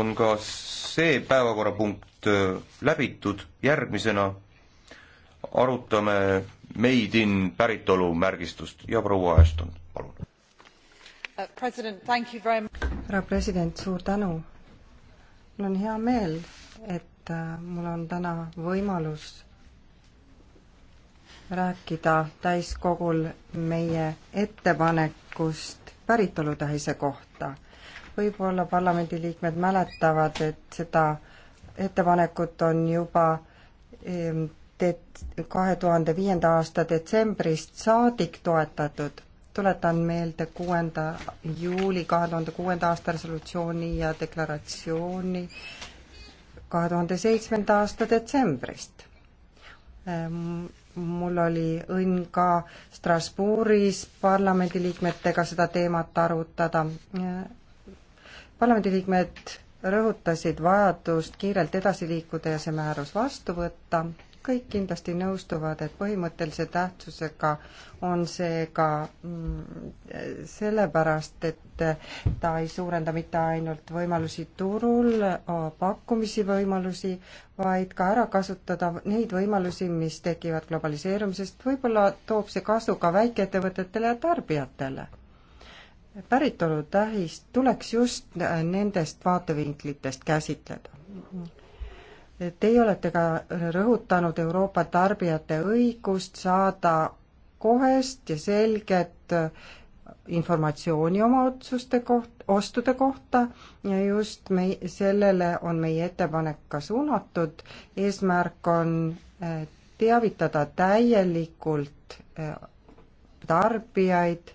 on ka see päevakorrapunkt äh, läbitud, järgmisena arutame Made in päritolumärgistust ja proua Ashton, palun. Uh, härra president, suur tänu. mul on hea meel, et äh, mul on täna võimalus rääkida täiskogul meie ettepanekust päritolutähise kohta võib-olla parlamendiliikmed mäletavad, et seda ettepanekut on juba kahe tuhande viienda aasta detsembrist saadik toetatud. tuletan meelde kuuenda juuli kahe tuhande kuuenda aasta resolutsiooni ja deklaratsiooni kahe tuhande seitsmenda aasta detsembrist. mul oli õnn ka Strasbourgis parlamendiliikmetega seda teemat arutada parlamendiliikmed rõhutasid vajadust kiirelt edasi liikuda ja see määrus vastu võtta. kõik kindlasti nõustuvad, et põhimõttelise tähtsusega on see ka mm, sellepärast, et ta ei suurenda mitte ainult võimalusi turul, pakkumisi võimalusi, vaid ka ära kasutada neid võimalusi, mis tekivad globaliseerumisest, võib-olla toob see kasu ka väikeettevõtetele ja tarbijatele päritolutähist tuleks just nendest vaatevinklitest käsitleda. Teie olete ka rõhutanud Euroopa tarbijate õigust saada kohest ja selget informatsiooni oma otsuste koht, ostude kohta ja just me, sellele on meie ettepanek ka suunatud. eesmärk on eh, teavitada täielikult eh, tarbijaid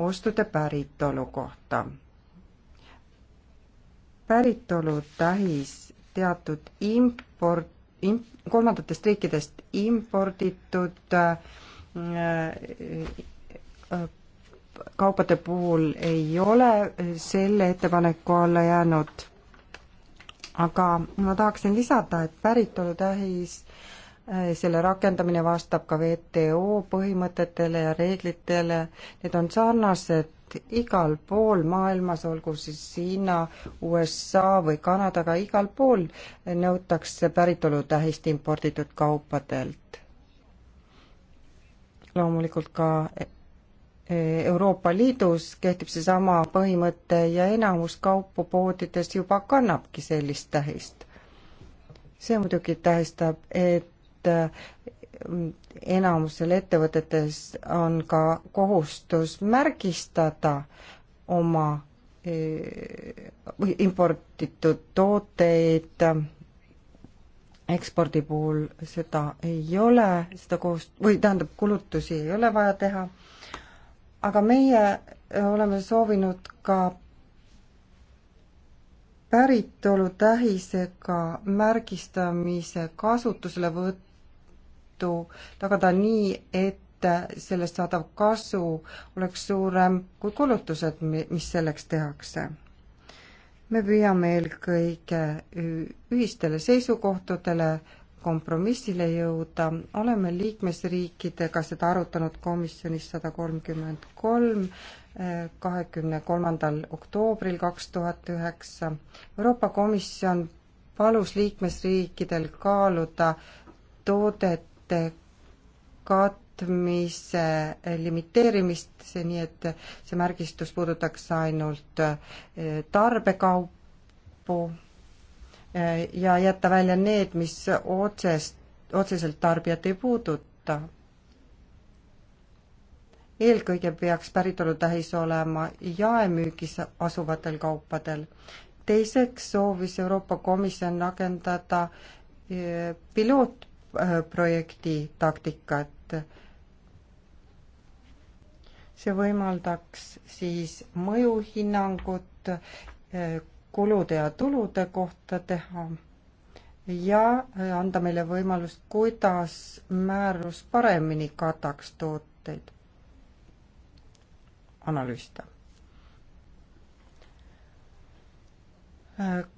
ostude päritolu kohta. päritolutähis teatud import, imp-, kolmandatest riikidest imporditud äh, äh, kaupade puhul ei ole selle ettepaneku alla jäänud, aga ma tahaksin lisada, et päritolutähis äh, Äh, selle rakendamine vastab ka WTO põhimõtetele ja reeglitele, need on sarnased igal pool maailmas, olgu siis Hiina, USA või Kanadaga, igal pool nõutakse päritolutähist imporditud kaupadelt. loomulikult ka e-, e-, Euroopa Liidus kehtib seesama põhimõte ja enamus kaupu poodides juba kannabki sellist tähist. see muidugi tähistab, et Äh, enamusel ettevõtetes on ka kohustus märgistada oma äh, imporditud tooteid, ekspordi puhul seda ei ole, seda kohust-, või tähendab, kulutusi ei ole vaja teha, aga meie oleme soovinud ka päritolutähisega märgistamise kasutusele võtta, Liitu tagada nii, et sellest saadav kasu oleks suurem kui kulutused, mis selleks tehakse. me püüame eelkõige ühistele seisukohtadele kompromissile jõuda, oleme liikmesriikidega seda arutanud komisjonis sada kolmkümmend kolm, kahekümne kolmandal oktoobril kaks tuhat üheksa. Euroopa Komisjon palus liikmesriikidel kaaluda toodet kulude katmise limiteerimist, see nii, et see märgistus puudutaks ainult eh, tarbekaupu eh, ja jätta välja need, mis otsest, otseselt tarbijat ei puuduta. eelkõige peaks päritolutähis olema jaemüügis asuvatel kaupadel. teiseks soovis Euroopa Komisjon rakendada eh, piloot Äh, projekti taktikat. see võimaldaks siis mõjuhinnangut äh, kulude ja tulude kohta teha ja äh, anda meile võimalust, kuidas määrus paremini kataks tooteid analüüsida.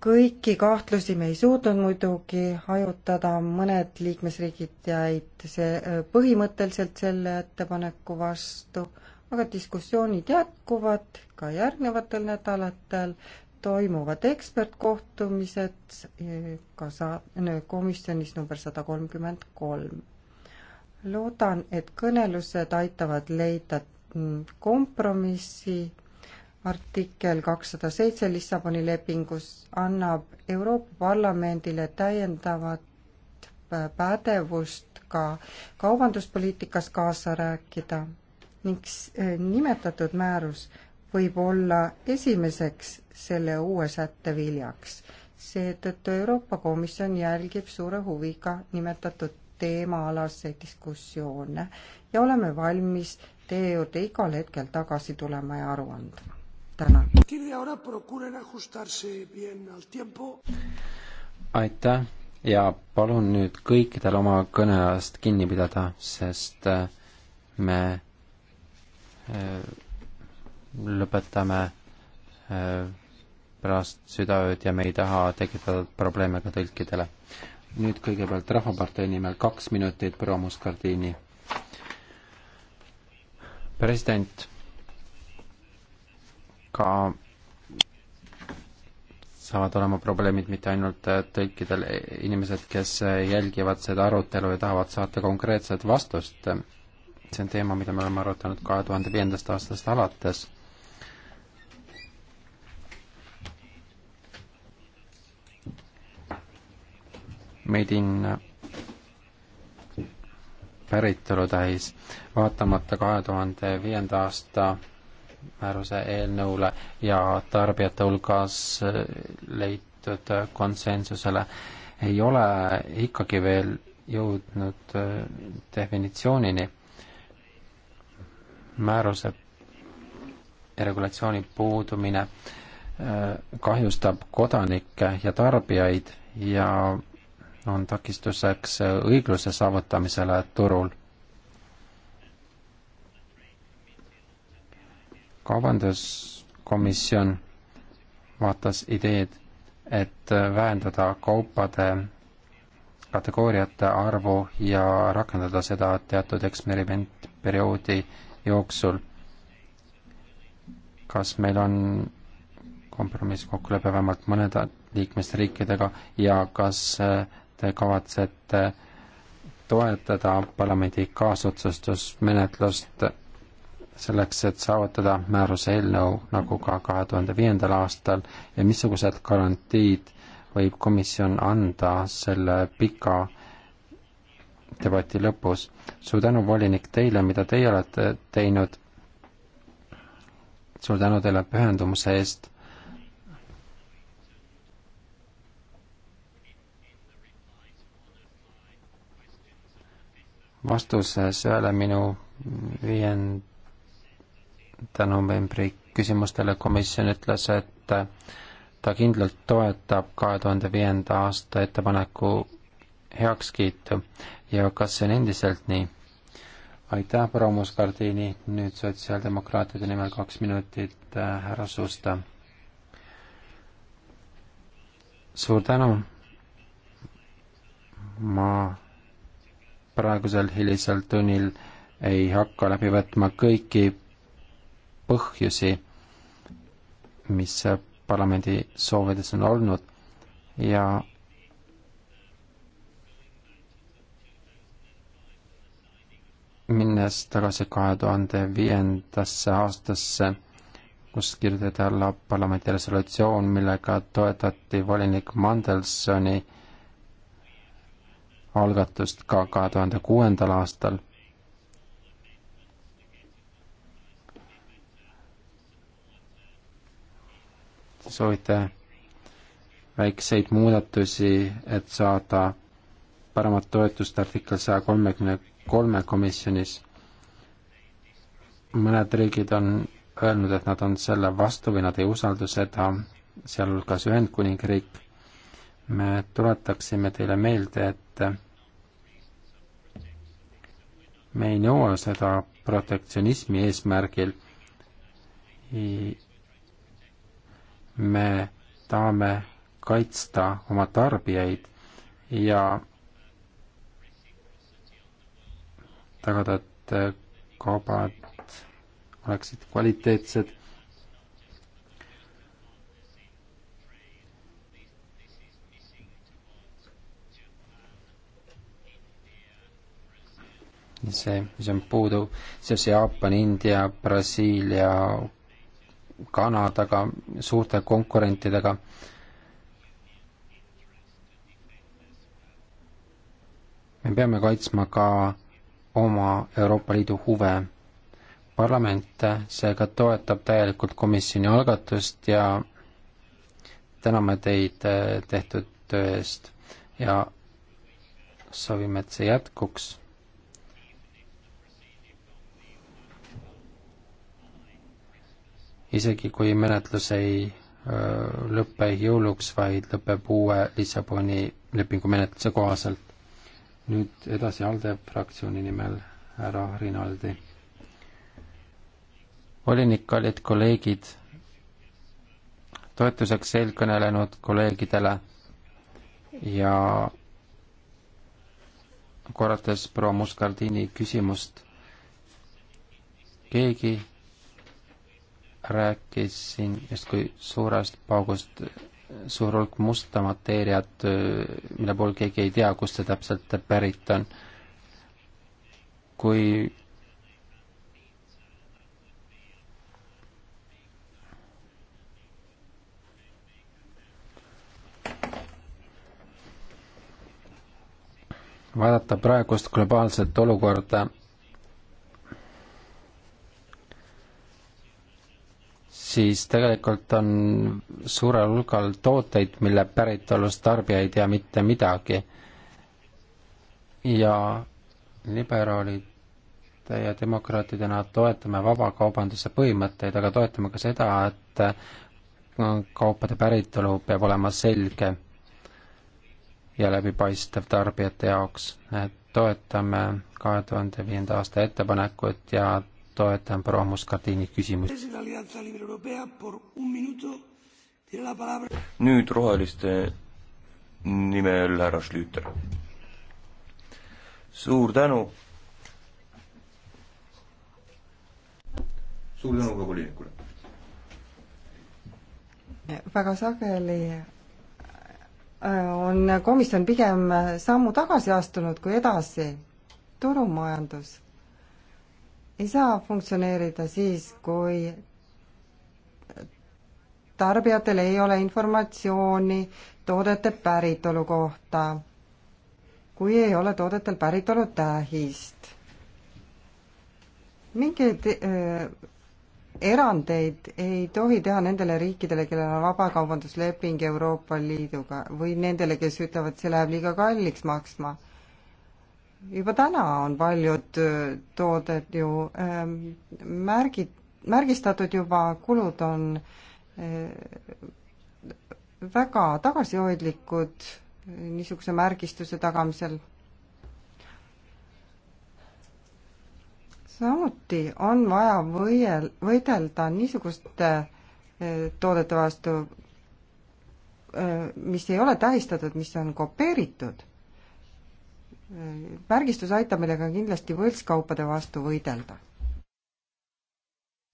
kõiki kahtlusi me ei suutnud muidugi hajutada, mõned liikmesriigid jäid see äh, põhimõtteliselt selle ettepaneku vastu, aga diskussioonid jätkuvad ka järgnevatel nädalatel, toimuvad ekspertkohtumised äh, ka sa-, äh, komisjonis number sada kolmkümmend kolm. loodan, et kõnelused aitavad leida mm, kompromissi artikkel kakssada seitse Lissaboni lepingus annab Euroopa Parlamendile täiendavat pädevust ka kaubanduspoliitikas kaasa rääkida ning eh, nimetatud määrus võib olla esimeseks selle uue sätte viljaks. seetõttu Euroopa Komisjon jälgib suure huviga nimetatud teemaalaseid diskussioone ja oleme valmis teie juurde igal hetkel tagasi tulema ja aru andma tänan. aitäh ja palun nüüd kõikidel oma kõneajast kinni pidada, sest äh, me äh, lõpetame äh, pärast südaööd ja me ei taha tekitada probleeme ka tõlkidele. nüüd kõigepealt Rahvapartei nimel kaks minutit, proua Muscardini. president ka saavad olema probleemid mitte ainult tõlkidel, inimesed, kes jälgivad seda arutelu ja tahavad saata konkreetset vastust. see on teema, mida me oleme arutanud kahe tuhande viiendast aastast alates. Made in päritolu täis, vaatamata kahe tuhande viienda aasta määruse eelnõule ja tarbijate hulgas leitud konsensusele ei ole ikkagi veel jõudnud definitsioonini. määruse regulatsiooni puudumine äh, kahjustab kodanikke ja tarbijaid ja on takistuseks õigluse saavutamisele turul kaubanduskomisjon vaatas ideed, et vähendada kaupade kategooriate arvu ja rakendada seda teatud eksperimentperioodi jooksul. kas meil on kompromisskokkulepe vähemalt mõnede liikmesriikidega ja kas te kavatsete toetada parlamendi kaasotsustusmenetlust selleks, et saavutada määruse eelnõu nagu ka kahe tuhande viiendal aastal ja missugused garantiid võib komisjon anda selle pika debati lõpus. suur tänu, volinik, teile, mida teie olete teinud. suur tänu teile pühendumuse eest. vastuses ühele minu viiend-, tänu membri küsimustele komisjon ütles, et ta kindlalt toetab kahe tuhande viienda aasta ettepaneku heakskiitu ja kas see on endiselt nii? aitäh, proua Muscardini, nüüd sotsiaaldemokraatide nimel kaks minutit äh,, härra Susta. suur tänu. ma praegusel hilisel tunnil ei hakka läbi võtma kõiki põhjusi, mis parlamendi soovides on olnud ja minnes tagasi kahe tuhande viiendasse aastasse, kus kirjutati alla parlamendi resolutsioon, millega toetati volinik Mandelsoni algatust ka kahe tuhande kuuendal aastal soovite väikseid muudatusi, et saada paremat toetust artikkel saja kolmekümne kolme komisjonis. mõned riigid on öelnud, et nad on selle vastu või nad ei usalda seda, sealhulgas Ühendkuningriik. me tuletaksime teile meelde, et me ei nõua seda protektsionismi eesmärgil me tahame kaitsta oma tarbijaid ja tagada, et kaubad oleksid kvaliteetsed. see, mis on puudu seoses Jaapani, India, Brasiilia, Kanadaga, suurte konkurentidega. me peame kaitsma ka oma Euroopa Liidu huve. parlament seega toetab täielikult komisjoni algatust ja täname teid eh, tehtud töö eest ja soovime, et see jätkuks isegi kui menetlus ei lõpe jõuluks, vaid lõpeb uue Lissaboni lepingu menetluse kohaselt. nüüd edasi ALDE fraktsiooni nimel härra Rinaldi. volinik, kallid kolleegid, toetuseks eelkõnelenud kolleegidele ja korrates proua Muscardini küsimust, keegi rääkis siin justkui suurest paugust suur hulk musta mateeriat, mille puhul keegi ei tea, kust see täpselt pärit on. kui vaadata praegust globaalset olukorda, siis tegelikult on suurel hulgal tooteid, mille päritolust tarbija ei tea mitte midagi. ja liberaalide ja demokraatidena toetame vabakaubanduse põhimõtteid, aga toetame ka seda, et kaupade päritolu peab olema selge ja läbipaistev tarbijate jaoks, et toetame kahe tuhande viienda aasta ettepanekut ja toetan proua Muscardini küsimust. nüüd roheliste nimel härra Schlüter. suur tänu. suur tänu ka volinikule. väga sageli äh, on komisjon pigem sammu tagasi astunud kui edasi. turumajandus ei saa funktsioneerida siis, kui tarbijatel ei ole informatsiooni toodete päritolu kohta, kui ei ole toodetel päritolu tähist. mingeid äh, erandeid ei tohi teha nendele riikidele, kellel on vabakaubandusleping Euroopa Liiduga või nendele, kes ütlevad, see läheb liiga kalliks maksma juba täna on paljud äh, tooted ju ähm, märgi, märgistatud juba, kulud on äh, väga tagasihoidlikud äh, niisuguse märgistuse tagamisel. samuti on vaja võiel-, võidelda niisuguste toodete vastu, mis ei ole tähistatud, mis on kopeeritud märgistus aitab meile ka kindlasti võltskaupade vastu võidelda.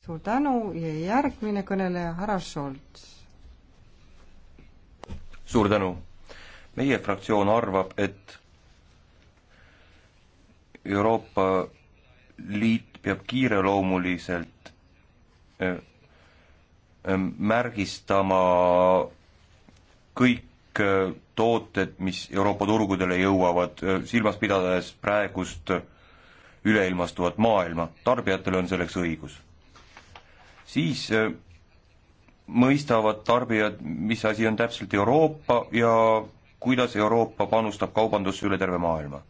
suur tänu ja järgmine kõneleja, härra Scholz. suur tänu. meie fraktsioon arvab, et Euroopa Liit peab kiireloomuliselt äh, äh, märgistama kõik kõik äh, tooted, mis Euroopa turgudele jõuavad, äh, silmas pidades praegust äh, üleilmastuvat maailma, tarbijatel on selleks õigus. siis mõistavad tarbijad, mis asi on täpselt Euroopa ja kuidas Euroopa panustab kaubandusse üle terve maailma.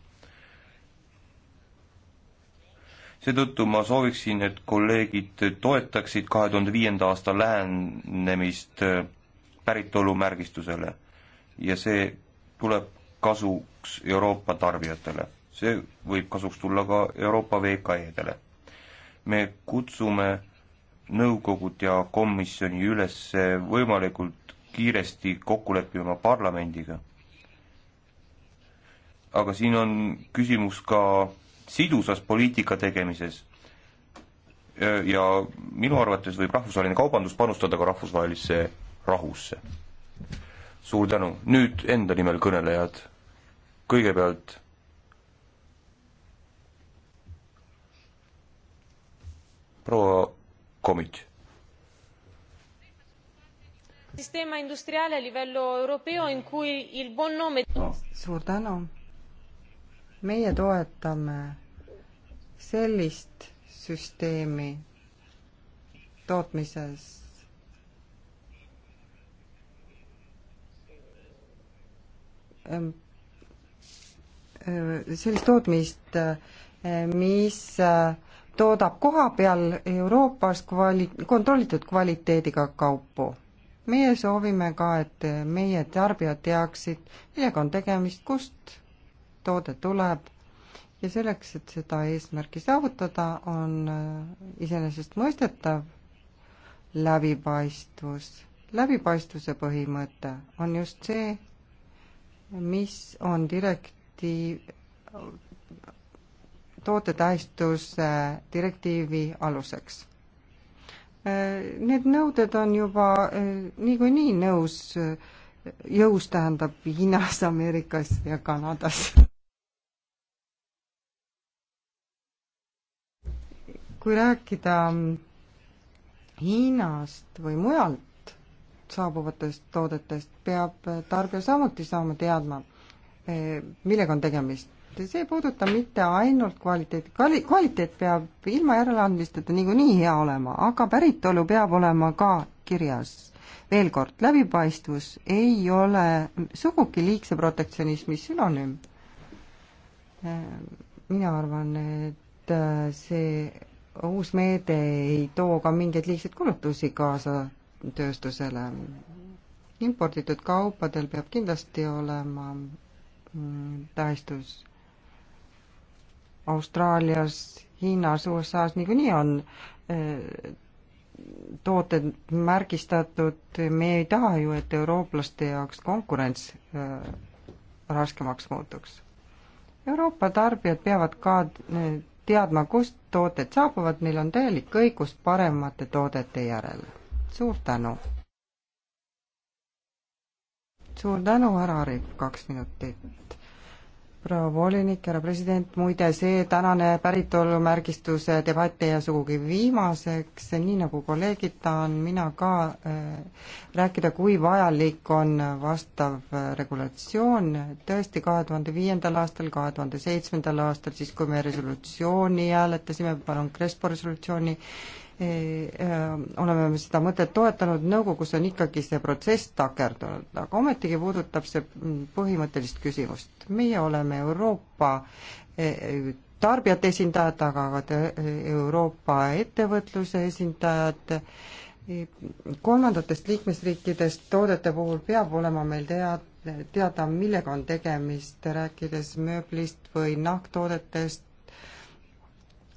seetõttu ma sooviksin, et kolleegid toetaksid kahe tuhande viienda aasta lähenemist päritolumärgistusele ja see tuleb kasuks Euroopa tarbijatele. see võib kasuks tulla ka Euroopa VKE-dele. me kutsume nõukogud ja komisjoni üles võimalikult kiiresti kokku leppima parlamendiga. aga siin on küsimus ka sidusas poliitika tegemises. ja minu arvates võib rahvusvaheline kaubandus panustada ka rahvusvahelisse rahusse suur tänu, nüüd enda nimel kõnelejad. kõigepealt proua Komit. sistema industriale a livello europeo in cui il buon nome suur tänu. meie toetame sellist süsteemi tootmises Ehm, ehm, sellist tootmist, ehm, mis äh, toodab koha peal Euroopas kvali-, kontrollitud kvaliteediga kaupu. meie soovime ka, et meie tarbijad teaksid, millega on tegemist, kust toode tuleb ja selleks, et seda eesmärki saavutada, on äh, iseenesestmõistetav läbipaistvus. läbipaistvuse põhimõte on just see, mis on direktiiv, tootetähistuse direktiivi aluseks. Äh, need nõuded on juba äh, niikuinii nõus, äh, jõus tähendab Hiinas, Ameerikas ja Kanadas. kui rääkida Hiinast või mujalt, saabuvatest toodetest peab tarbija samuti saama teadma, millega on tegemist. see ei puuduta mitte ainult kvaliteeti, kvali-, kvaliteet peab ilma järeleandmisteta niikuinii hea olema, aga päritolu peab olema ka kirjas. veel kord, läbipaistvus ei ole sugugi liigse protektsionismi sünonüüm. mina arvan, et see uus meede ei too ka mingeid liigseid kulutusi kaasa tööstusele. imporditud kaupadel peab kindlasti olema mm, tähistus. Austraalias, Hiinas, USA-s niikuinii on eh, tooted märgistatud, me ei taha ju, et eurooplaste jaoks konkurents eh, raskemaks muutuks. Euroopa tarbijad peavad ka eh, teadma, kust tooted saabuvad, neil on täielik õigus paremate toodete järele suur tänu. suur tänu, härra Arip, kaks minutit. proua volinik, härra president, muide see tänane päritolumärgistuse debatt ei jää sugugi viimaseks, nii nagu kolleegid, tahan mina ka äh, rääkida, kui vajalik on vastav äh, regulatsioon. tõesti, kahe tuhande viiendal aastal, kahe tuhande seitsmendal aastal, siis kui me resolutsiooni hääletasime, palun Crespo resolutsiooni äh,, Äh, oleme me seda mõtet toetanud, nõukogus on ikkagi see protsess takerdunud, aga ometigi puudutab see põhimõttelist küsimust. meie oleme Euroopa e, tarbijate esindajad, aga ka Euroopa ettevõtluse esindajad, e, kolmandatest liikmesriikidest toodete puhul peab olema meil tead-, teada, millega on tegemist, rääkides mööblist või nahktoodetest,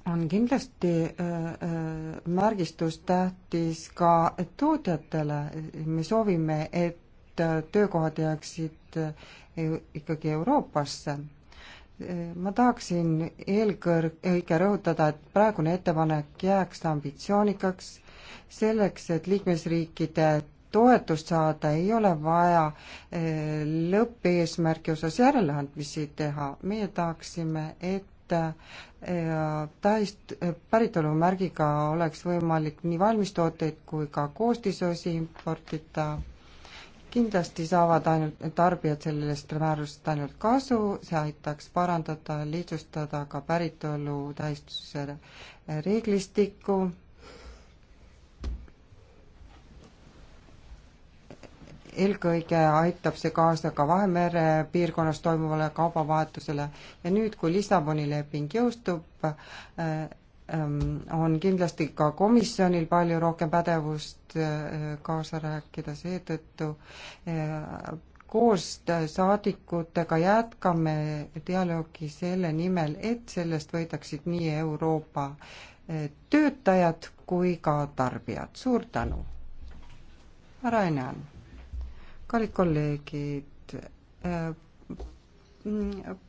on kindlasti äh, äh, märgistus tähtis ka tootjatele. me soovime, et äh, töökohad jääksid ikkagi Euroopasse. ma tahaksin eelkõige rõhutada, et praegune ettepanek jääks ambitsioonikaks. selleks, et liikmesriikide toetust saada, ei ole vaja lõppeesmärgi osas järeleandmisi teha. meie tahaksime, et ja tähist, päritolumärgiga oleks võimalik nii valmistooteid kui ka koostisosi importida. kindlasti saavad ainult tarbijad sellest määrusest ainult kasu, see aitaks parandada, lihtsustada ka päritolu tähistuse reeglistikku eelkõige aitab see kaasa ka Vahemere piirkonnas toimuvale kaubavahetusele ja nüüd, kui Lissaboni leping jõustub, äh, ähm, on kindlasti ka komisjonil palju rohkem pädevust äh, kaasa rääkida, seetõttu äh, koos saadikutega jätkame dialoogi selle nimel, et sellest võidaksid nii Euroopa töötajad kui ka tarbijad. suur tänu! härra Enn kallid kolleegid, äh,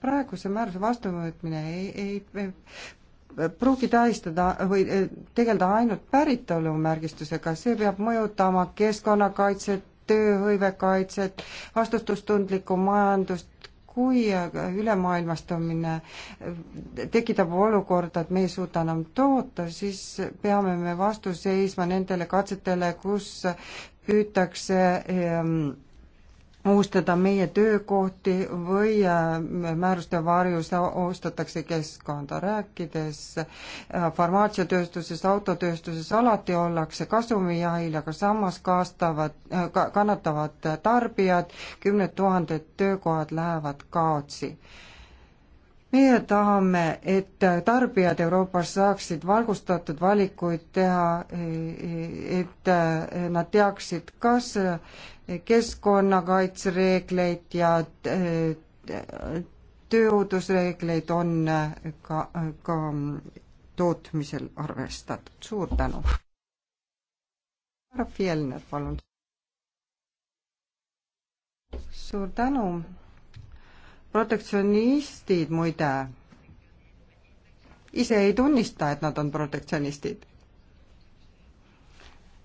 praeguse määruse vastuvõtmine ei, ei, ei pruugi tähistada või äh, tegeleda ainult päritolumärgistusega, see peab mõjutama keskkonnakaitset, tööhõivekaitset, vastutustundlikku majandust, kui äh, ülemaailmastumine tekitab olukorda, et me ei suuda enam toota, siis peame me vastu seisma nendele katsetele, kus püütakse ähm, ohustada meie töökohti või äh, määruste varjus ohustatakse keskkonda. rääkides äh, farmaatsiatööstuses, autotööstuses alati ollakse kasumijahil, aga samas kaastavad äh, ka,, kannatavad tarbijad, kümned tuhanded töökohad lähevad kaotsi meie tahame, et tarbijad Euroopas saaksid valgustatud valikuid teha, et nad teaksid, kas keskkonnakaitsereegleid ja eh, tööohutusreegleid on eh, ka, eh, ka tootmisel arvestatud. suur tänu! härra Fjellner, palun! suur tänu! protektsionistid muide ise ei tunnista, et nad on protektsionistid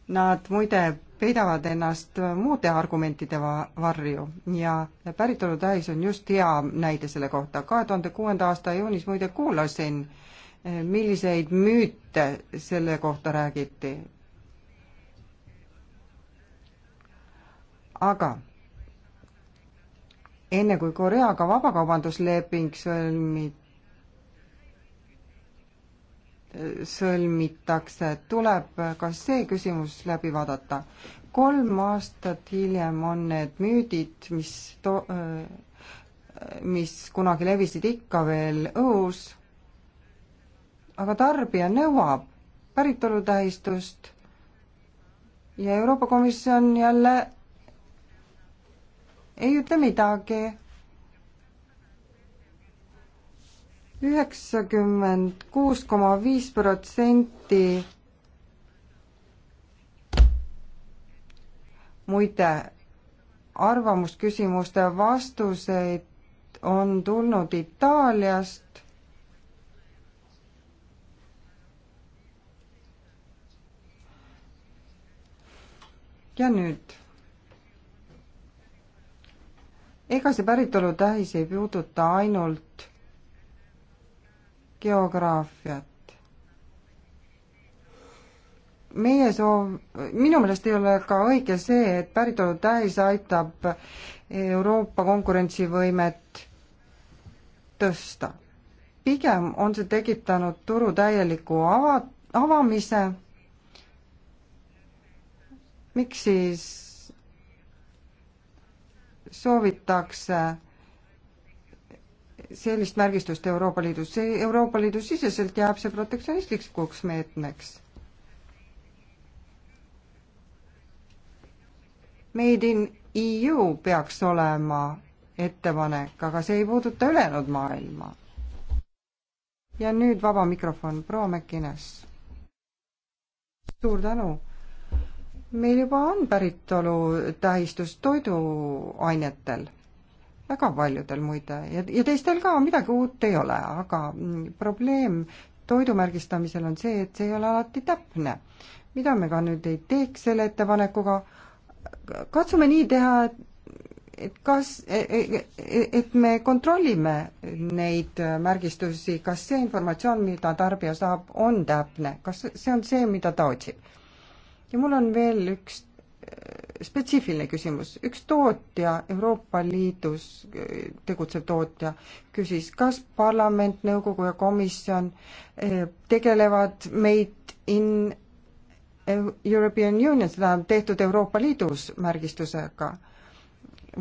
Nad muide peidavad ennast muude argumentide varju ja päritolutähis on just hea näide selle kohta. kahe tuhande kuuenda aasta juunis muide kuulasin, milliseid müüte selle kohta räägiti. aga enne kui Koreaga vabakaubandusleping sõlmiti, sõlmitakse, tuleb ka see küsimus läbi vaadata. kolm aastat hiljem on need müüdid, mis to-, mis kunagi levisid ikka veel õhus, aga tarbija nõuab päritolutähistust ja Euroopa Komisjon jälle ei ütle midagi üheksakümmend kuus koma viis protsenti muide, arvamusküsimuste vastuseid on tulnud Itaaliast. ja nüüd? ega see päritolu tähis ei puuduta ainult geograafiat. meie soov, minu meelest ei ole ka õige see, et päritolu täis aitab Euroopa konkurentsivõimet tõsta. pigem on see tekitanud turu täieliku ava, avamise. miks siis soovitakse sellist märgistust Euroopa Liidus, see Euroopa Liidu siseselt jääb see protektsionistlikuks meetmeks. Made in EU peaks olema ettepanek, aga see ei puuduta ülejäänud maailma. ja nüüd vaba mikrofon, proua Mäkkines. suur tänu. meil juba on päritolu tähistus toiduainetel väga paljudel muide ja, ja teistel ka midagi uut ei ole, aga mm, probleem toidumärgistamisel on see, et see ei ole alati täpne. mida me ka nüüd ei teeks selle ettepanekuga, katsume nii teha, et kas, e, e, e, et me kontrollime neid märgistusi, kas see informatsioon, mida tarbija saab, on täpne, kas see on see, mida ta otsib. ja mul on veel üks spetsiifiline küsimus. üks tootja, Euroopa Liidus tegutsev tootja, küsis, kas parlament, nõukogu ja komisjon eh, tegelevad meid in European Union, seda on tehtud Euroopa Liidus märgistusega.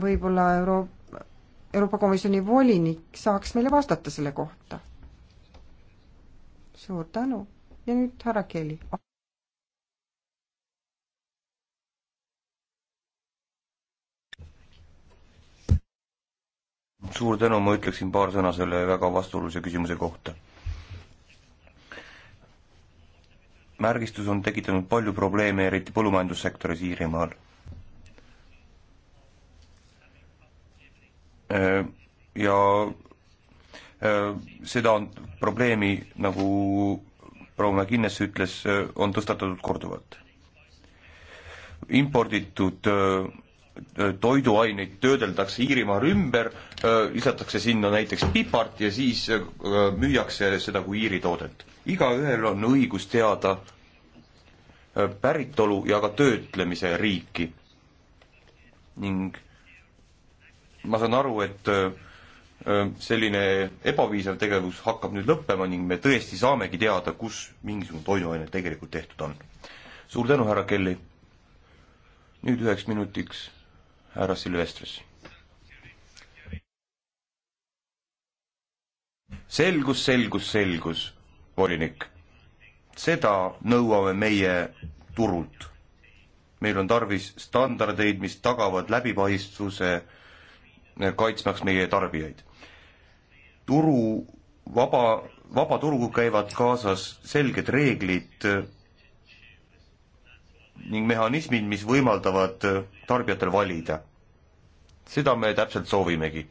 võib-olla Euro-, Euroopa Komisjoni volinik saaks meile vastata selle kohta. suur tänu ja nüüd härra Kelly. suur tänu, ma ütleksin paar sõna selle väga vastuolulise küsimuse kohta. märgistus on tekitanud palju probleeme, eriti põllumajandussektoris Iirimaal. Äh, ja äh, seda on probleemi, nagu proua McInnes ütles, äh, on tõstatatud korduvalt. imporditud toiduaineid töödeldakse Iirimaal ümber, lisatakse sinna näiteks pipart ja siis müüakse seda kui Iiri toodet. igaühel on õigus teada päritolu ja ka töötlemise riiki. ning ma saan aru, et selline ebapiisav tegevus hakkab nüüd lõppema ning me tõesti saamegi teada, kus mingisugune toiduaine tegelikult tehtud on. suur tänu, härra Kelly! nüüd üheks minutiks härra Silvestris. selgus, selgus, selgus, volinik. seda nõuame meie turult. meil on tarvis standardeid, mis tagavad läbipaistvuse, eh, kaitsmaks meie tarbijaid. turu vaba, vaba turuga käivad kaasas selged reeglid ning mehhanismid, mis võimaldavad äh, tarbijatel valida. seda me täpselt soovimegi.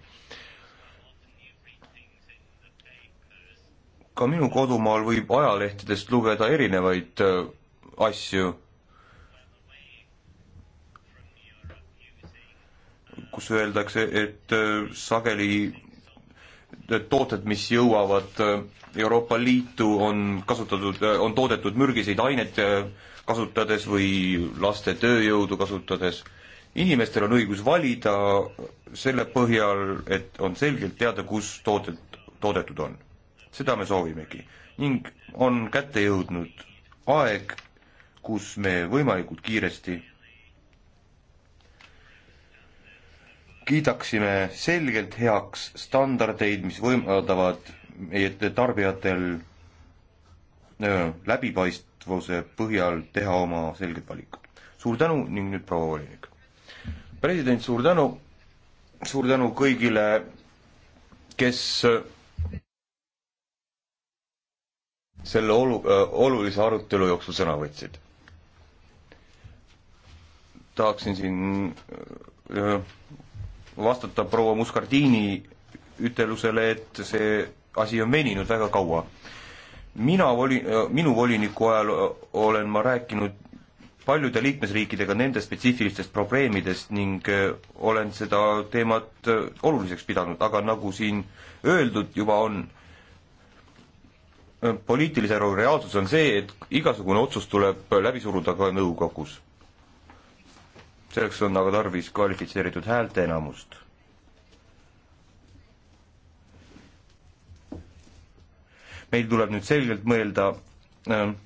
ka minu kodumaal võib ajalehtedest lugeda erinevaid äh, asju, kus öeldakse, et äh, sageli tooted, mis jõuavad Euroopa Liitu, on kasutatud, on toodetud mürgiseid aineid, kasutades või laste tööjõudu kasutades. inimestel on õigus valida selle põhjal, et on selgelt teada, kus toodet, toodetud on. seda me soovimegi ning on kätte jõudnud aeg, kus me võimalikult kiiresti kiidaksime selgelt heaks standardeid, mis võimaldavad meie tarbijatel läbipaist-, nähtavuse põhjal teha oma selged valikud. suur tänu ning nüüd proua volinik. president, suur tänu, suur tänu kõigile, kes selle olu-, äh, olulise arutelu jooksul sõna võtsid. tahaksin siin äh, vastata proua Muscardini ütelusele, et see asi on veninud väga kaua mina voli-, äh, minu voliniku ajal äh, olen ma rääkinud paljude liikmesriikidega nende spetsiifilistest probleemidest ning äh, olen seda teemat oluliseks pidanud, aga nagu siin öeldud juba on, poliitilise elu reaalsus on see, et igasugune otsus tuleb läbi suruda ka nõukogus. selleks on aga tarvis kvalifitseeritud häälteenamust meil tuleb nüüd selgelt mõelda, ähm,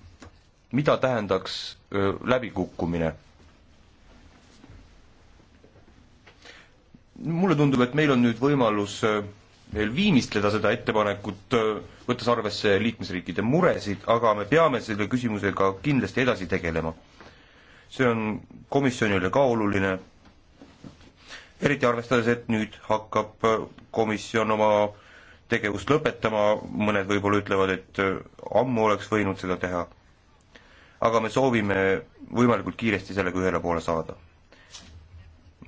mida tähendaks läbikukkumine. mulle tundub, et meil on nüüd võimalus veel viimistleda seda ettepanekut, võttes arvesse liikmesriikide muresid, aga me peame selle küsimusega kindlasti edasi tegelema. see on komisjonile ka oluline, eriti arvestades, et nüüd hakkab komisjon oma tegevust lõpetama, mõned võib-olla ütlevad, et äh, ammu oleks võinud seda teha. aga me soovime võimalikult kiiresti sellega ühele poole saada.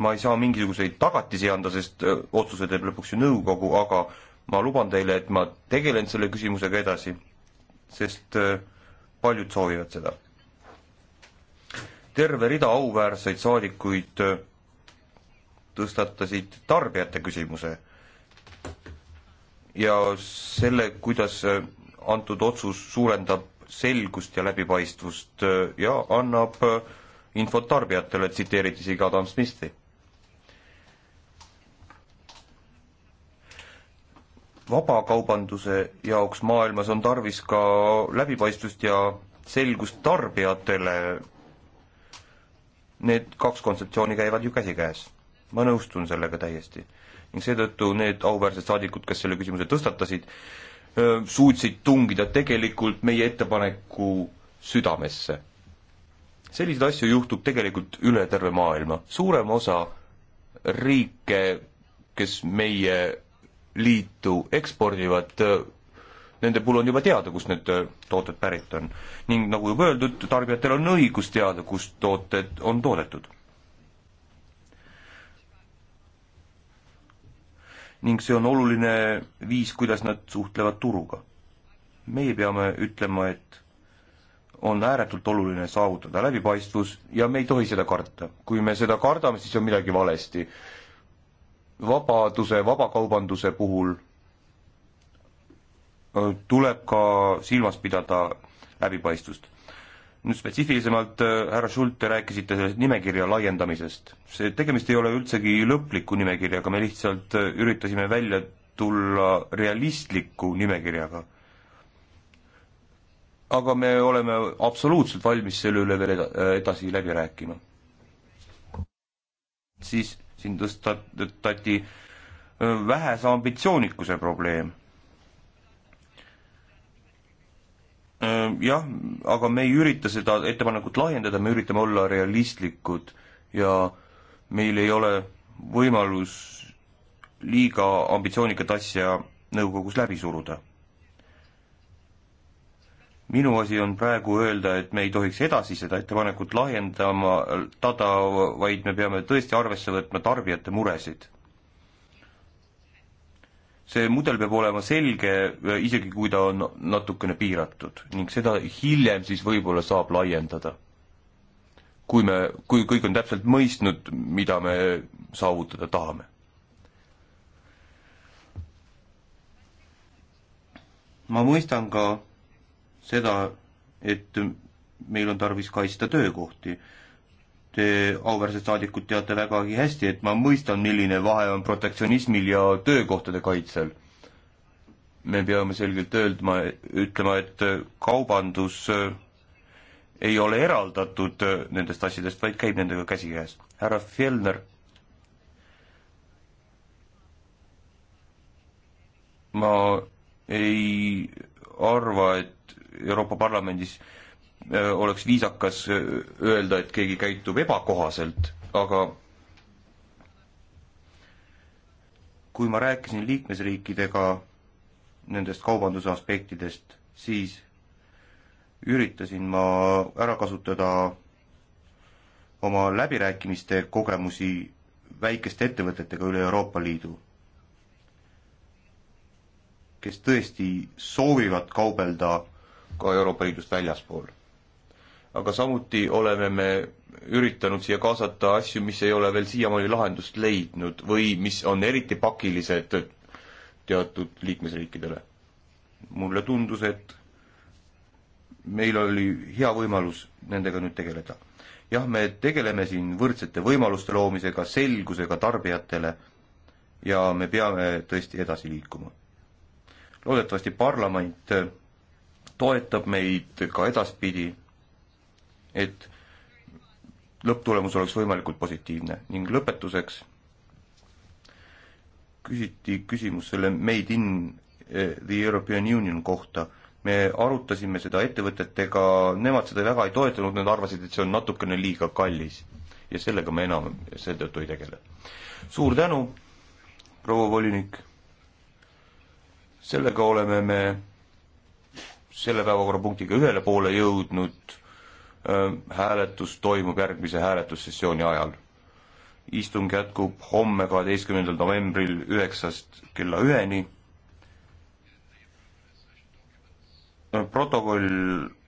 ma ei saa mingisuguseid tagatisi anda, sest äh, otsuse teeb lõpuks ju nõukogu, aga ma luban teile, et ma tegelen selle küsimusega edasi, sest äh, paljud soovivad seda. terve rida auväärseid saadikuid tõstatasid tarbijate küsimuse ja selle, kuidas äh, antud otsus suurendab selgust ja läbipaistvust äh, ja annab äh, infot tarbijatele, tsiteerides iga Adam Smithi. vabakaubanduse jaoks maailmas on tarvis ka läbipaistvust ja selgust tarbijatele. Need kaks kontseptsiooni käivad ju käsikäes. ma nõustun sellega täiesti ning seetõttu need auväärsed saadikud, kes selle küsimuse tõstatasid, suutsid tungida tegelikult meie ettepaneku südamesse. selliseid asju juhtub tegelikult üle terve maailma, suurem osa riike, kes meie liitu ekspordivad, nende puhul on juba teada, kust need tooted pärit on. ning nagu juba öeldud, tarbijatel on õigus teada, kust tooted on toodetud ning see on oluline viis, kuidas nad suhtlevad turuga. meie peame ütlema, et on ääretult oluline saavutada läbipaistvus ja me ei tohi seda karta. kui me seda kardame, siis on midagi valesti. vabaduse, vabakaubanduse puhul äh, tuleb ka silmas pidada läbipaistvust nüüd spetsiifilisemalt, äh, härra Schult, te rääkisite sellest nimekirja laiendamisest. see, tegemist ei ole üldsegi lõpliku nimekirjaga, me lihtsalt äh, üritasime välja tulla realistliku nimekirjaga. aga me oleme absoluutselt valmis selle üle veel äh, edasi läbi rääkima. siis siin tõstatati vähese ambitsioonikuse probleem jah, aga me ei ürita seda ettepanekut lahjendada, me üritame olla realistlikud ja meil ei ole võimalus liiga ambitsioonikat asja nõukogus läbi suruda. minu asi on praegu öelda, et me ei tohiks edasi seda ettepanekut lahjendama, tada, vaid me peame tõesti arvesse võtma tarbijate muresid see mudel peab olema selge, äh, isegi kui ta on natukene piiratud ning seda hiljem siis võib-olla saab laiendada. kui me, kui kõik on täpselt mõistnud, mida me saavutada tahame. ma mõistan ka seda, et meil on tarvis kaitsta töökohti Te, eh, auväärsed saadikud, teate vägagi hästi, et ma mõistan, milline vahe on protektsionismil ja töökohtade kaitsel. me peame selgelt öeldma, ütlema, et eh, kaubandus eh, ei ole eraldatud nendest asjadest, vaid käib nendega käsikäes. härra Fjellner, ma ei arva, et Euroopa Parlamendis äh, Äh, oleks viisakas äh, öelda, et keegi käitub ebakohaselt, aga kui ma rääkisin liikmesriikidega nendest kaubanduse aspektidest, siis üritasin ma ära kasutada oma läbirääkimiste kogemusi väikeste ettevõtetega üle Euroopa Liidu, kes tõesti soovivad kaubelda ka Euroopa Liidust väljaspool aga samuti oleme me üritanud siia kaasata asju, mis ei ole veel siiamaani lahendust leidnud või mis on eriti pakilised teatud liikmesriikidele. mulle tundus, et meil oli hea võimalus nendega nüüd tegeleda. jah, me tegeleme siin võrdsete võimaluste loomisega, selgusega tarbijatele ja me peame tõesti edasi liikuma. loodetavasti parlament toetab meid ka edaspidi et lõpptulemus oleks võimalikult positiivne ning lõpetuseks küsiti küsimus selle Made in eh, the European Union kohta. me arutasime seda ettevõtetega, nemad seda väga ei toetanud, nad arvasid, et see on natukene liiga kallis ja sellega me enam seetõttu ei tegele. suur tänu, proua volinik. sellega oleme me selle päevakorrapunktiga ühele poole jõudnud hääletus toimub järgmise hääletussessiooni ajal. istung jätkub homme, kaheteistkümnendal novembril üheksast kella üheni. protokoll